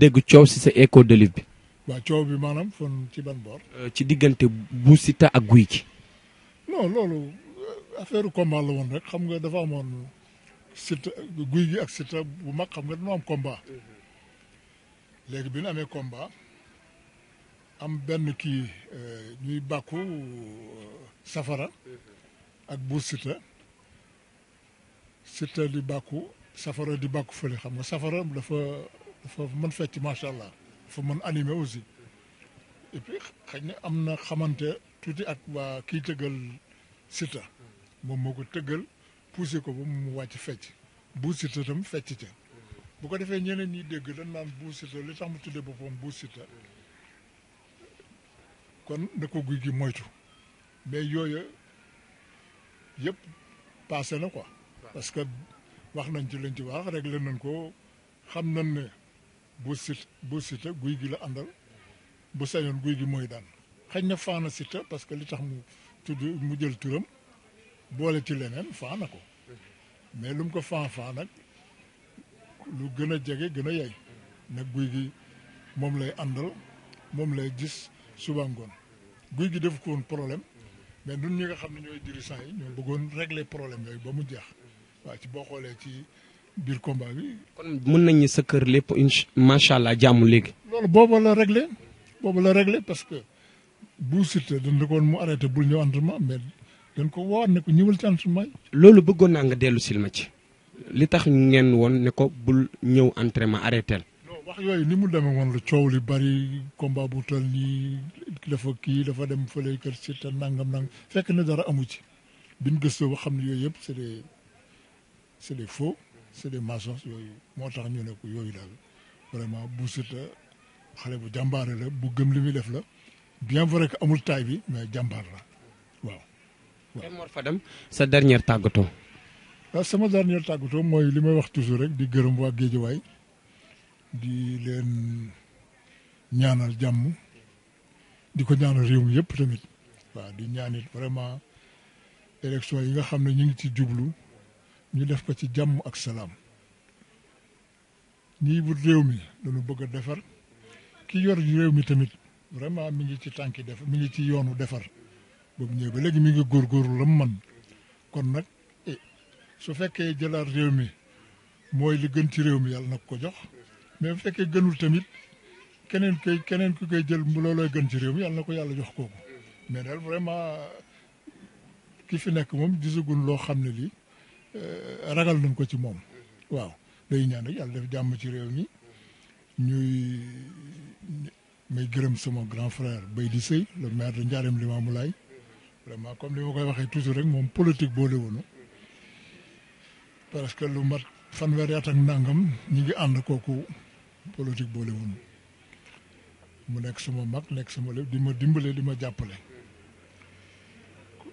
dégg coow si sa écho de livre bi. waa coow bi maanaam fon ci ban boor. Euh, ci diggante bu Siteu ak Gouye Gui. non loolu euh, affaire combat la woon rek xam nga dafa amoon Siteu Gouye Gui ak Siteu bu mag xam nga dañoo am combat. amee combat am benn kii euh, ñuy bàkku safara ak bu Siteu Siteu di bàkku safara di bàkku fële xam nga safara dafa. dafa mën fecc macha allah dafa mën animé aussi et puis xëy am na xamante tuuti ak waa kii tëggal Siteu moom moo ko tëggal poussé ko ba mu wàcc fecc bu Siteu tam fecc ca bu ko defee ñeneen ñii dégg dañ naan bu li tax mu tuddee boppam bu Siteu kon na ko guy gi moytu mais yooyu yëpp passé na ko parce que wax nañ ci lañ ci wax réglé nañ ko xam nañ ne bu sit bu sita guy gi la àndal bu sañoon guy gi mooy daan xëy na na sita parce que li tax mu tudd mu jël turam boole ci leneen faana ko mais lu mu ko faan faan nag lu gën a jege gën a yey nag guy gi moom lay àndal moom lay gis suba ngoon guy gi def ko woon problème mais nun ñi nga xam ne ñooy dirigeants yi ñoo bëggoon régler problème yooyu ba mu jeex waaw ci boo xoolee ci biir combat bi. kon mën nañu sa kër lépp incha macha allah jàmm léegi. loolu boobu la réglé boobu la réglé parce que buur Siteu dañ ko woon mu arrêté bul ñëw ma mais dañ ko woowaat ne ko ñëwal ci entraînement yi. loolu bëggoon naa nga dellu silma ci. li tax ngeen woon ne ko bul ñëw entraînement arrêté la. non wax yooyu ni mu demee woon la coow li bari combat bu toll nii dafa kii dafa dem fële kër Siteu nangam-nangam fekk na dara amu ci biñ gëstoo ba xam ne yooyu yëpp c'est des c'est c'est des maçons yooyu moo tax ñu ne ko yooyu daal vraiment bu Siteu xale bu jàmbaare la bu gëm li muy def la bien vrai que amul taay bi mais jàmbaar la waaw. waaw Mor Fadam sa dernière tàggatoo. waaw ah, sama dernière tàggatoo mooy li may wax toujours rek di gërëm waa Géejawaay di leen ñaanal jàmm di ko ñaanal réew mi yëpp tamit waaw di ñaanit vraiment élection yi nga xam ne ñu ngi ci jublu. ñu def ko ci jàmm ak salaam ñii bu réew mi dañu bëgg a defar ki yor réew mi tamit vraiment mi ngi ci tànki def mi ngi ci yoonu defar boobu ñëw ba léegi mi ngi góorgóorlu la man kon nag eh, su fekkee jëlaat réew mi mooy li gën ci réew mi yàlla na ko jox mais bu fekkee gënul tamit keneen ki keneen ku koy jël loolooy gën ci réew mi yàlla na ko yàlla jox kooku mais daal vraiment ki fi nekk moom gisagun loo xam ne lii Euh, ragal nañ ko ci moom waaw day ñaan rek yàlla def jàmm ci réew mi ñuy may gërëm sama grand frère Bay di Sey le maire de Ndiarème laay vraiment comme li ma koy waxee toujours rek moom politique boole woonu parce que lu mat fanweeri at ak nangam ñi ngi ànd kooku politique boole woonu mu nekk suma mag nekk suma lépp di ma dimbalee di ma jàppale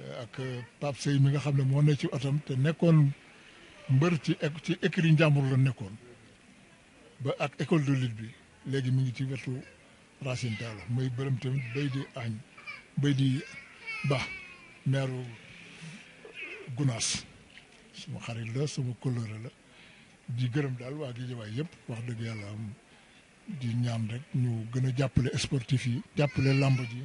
Euh, ak euh, Pape Seye mi nga xam ne moo ne ci otam te nekkoon mbër ci ek ci écurie njàmbur la nekkoon ba ak école de lutte bi léegi mi ngi ci wetu Racine Talla muy bërëm tamit bay di añ bay di ba meeru Gunaas suma xarit la suma kóllëre la di gërëm daal waa Guédiawaye yëpp wax dëgg yàlla am di ñaan rek ñu gën a jàppale sportif yi jàppale làmb ji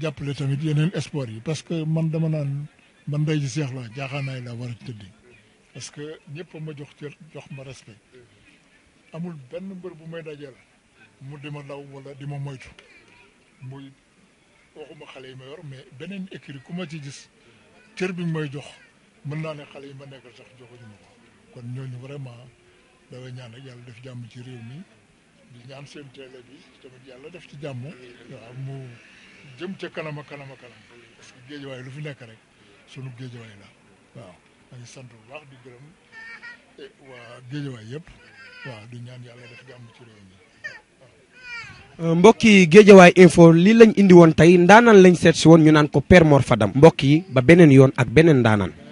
jàppale tamit yeneen sport yi parce que man dama naan man ndey ji seex la jaaxaanaay la war a tëdd parce que ñëpp ma jox cër jox ma respect amul benn mbër bu may dajeel mu di ma daw wala di ma moytu muy waxuma xale yi ma yor mais beneen écurie ku ma ci gis cër bi may jox mën naa ne xale yi ma nekkal sax joxuñu ma ko kon ñooñu vraiment dafay ñaan ak yàlla def jàmm ci réew mi di ñaan seen télé bi tamit yàlla def ci jàmm waaw mu jëm ca kanam a lu fi nekk rek sunu géejawaay la waaw ma di gërëm eh, waa géejawaay yëpp waaw di ñaan yàlla def jàmm ci réew mi euh, mbokki géejawaay info li lañ indi woon tey ndaanaan lañ seet si woon ñu naan ko Père Mor Fadam mbokk yi ba beneen yoon ak beneen ndaanaan